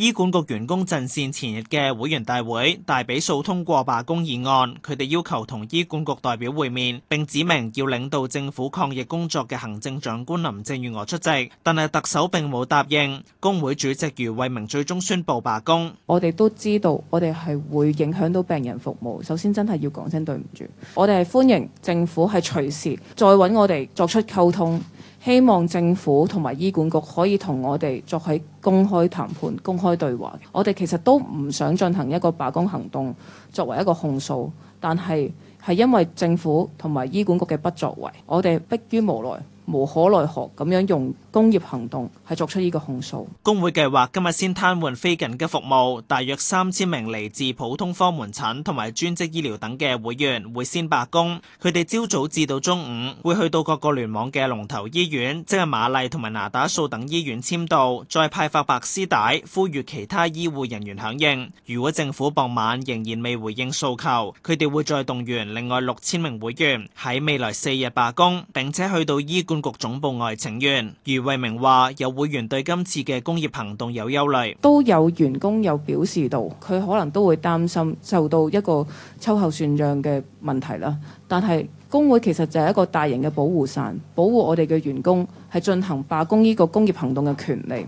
醫管局員工陣線前日嘅會員大會，大比數通過罷工議案，佢哋要求同醫管局代表會面，並指明要領導政府抗疫工作嘅行政長官林鄭月娥出席，但係特首並冇答應。工會主席余慧明最終宣布罷工。我哋都知道，我哋係會影響到病人服務。首先，真係要講聲對唔住。我哋係歡迎政府係隨時再揾我哋作出溝通。希望政府同埋醫管局可以同我哋作起公開談判、公開對話。我哋其實都唔想進行一個罷工行動作為一個控訴，但係係因為政府同埋醫管局嘅不作為，我哋迫於無奈。無可奈何咁樣用工業行動係作出呢個控訴。工會計劃今日先癱瘓非緊急嘅服務，大約三千名嚟自普通科門診同埋專職醫療等嘅會員會先罷工。佢哋朝早至到中午會去到各個聯網嘅龍頭醫院，即係瑪麗同埋拿打素等醫院簽到，再派發白絲帶呼籲其他醫護人員響應。如果政府傍晚仍然未回應訴求，佢哋會再動員另外六千名會員喺未來四日罷工，並且去到醫管局總部外請願，余慧明話有會員對今次嘅工業行動有憂慮，都有員工有表示到，佢可能都會擔心受到一個秋後算賬嘅問題啦。但係工會其實就係一個大型嘅保護傘，保護我哋嘅員工係進行罷工呢個工業行動嘅權利。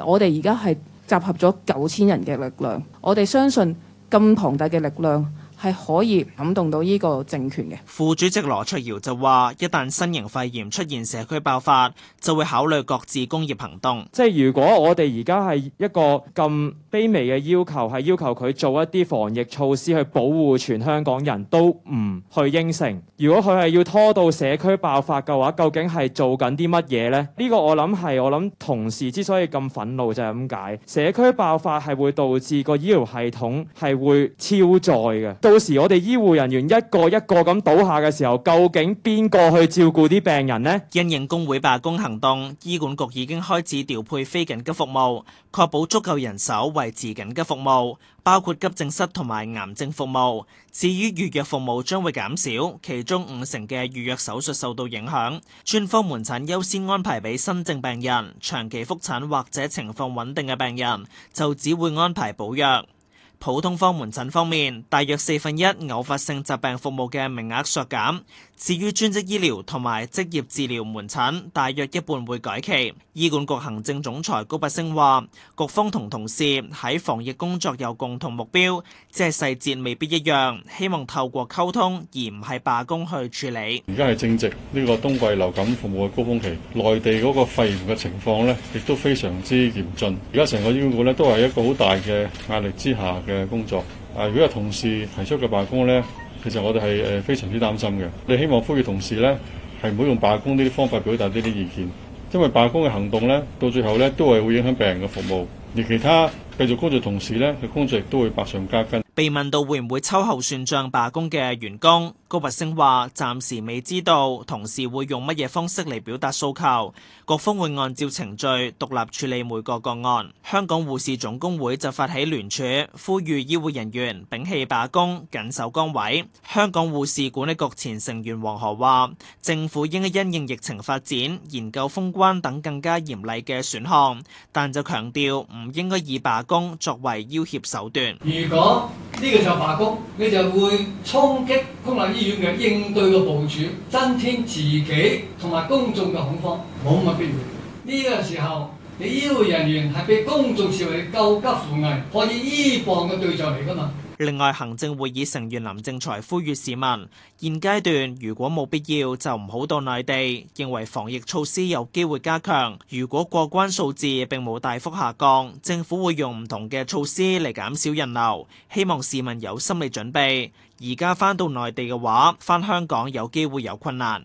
而我哋而家係集合咗九千人嘅力量，我哋相信咁龐大嘅力量。係可以感動到呢個政權嘅。副主席羅卓堯就話：一旦新型肺炎出現社區爆發，就會考慮各自工業行動。即係如果我哋而家係一個咁卑微嘅要求，係要求佢做一啲防疫措施去保護全香港人都唔去應承。如果佢係要拖到社區爆發嘅話，究竟係做緊啲乜嘢呢？呢個我諗係我諗同事之所以咁憤怒就係咁解。社區爆發係會導致個醫療系統係會超載嘅。到時我哋醫護人員一個一個咁倒下嘅時候，究竟邊個去照顧啲病人呢？因應工會罷工行動，醫管局已經開始調配非緊急服務，確保足夠人手維持緊急服務，包括急症室同埋癌症服務。至於預約服務將會減少，其中五成嘅預約手術受到影響。專科門診優先安排俾新症病人、長期複診或者情況穩定嘅病人，就只會安排配藥。普通科門診方面，大約四分一偶發性疾病服務嘅名額削減。至於專職醫療同埋職業治療門診，大約一半會改期。醫管局行政總裁高拔陞話，局方同同事喺防疫工作有共同目標，即係細節未必一樣，希望透過溝通而唔係罷工去處理。而家係正值呢個冬季流感服務嘅高峰期，內地嗰個肺炎嘅情況咧，亦都非常之嚴峻。而家成個醫管局咧都係一個好大嘅壓力之下。嘅工作，啊，如果有同事提出嘅罷工咧，其實我哋係誒非常之擔心嘅。你希望呼籲同事咧，係唔好用罷工呢啲方法表達呢啲意見，因為罷工嘅行動咧，到最後咧都係會影響病人嘅服務，而其他。繼續工作同時呢，佢工作亦都會百上加斤。被問到會唔會秋後算賬罷工嘅員工，高拔陞話：暫時未知道同事會用乜嘢方式嚟表達訴求，各方會按照程序獨立處理每個個案。香港護士總工會就發起聯署，呼籲醫護人員摒棄罷工，緊守崗位。香港護士管理局前成員黃河話：政府應因應疫情發展，研究封關等更加嚴厲嘅選項，但就強調唔應該以罷工工作為要挾手段，如果呢個時候罷工，你就會衝擊公立醫院嘅應對個部署，增添自己同埋公眾嘅恐慌，冇乜必要。呢個時候。你醫護人員係被公眾視為救急扶危可以依傍嘅對象嚟㗎嘛？另外，行政會議成員林正財呼籲市民，現階段如果冇必要就唔好到內地。認為防疫措施有機會加強，如果過關數字並冇大幅下降，政府會用唔同嘅措施嚟減少人流。希望市民有心理準備。而家返到內地嘅話，返香港有機會有困難。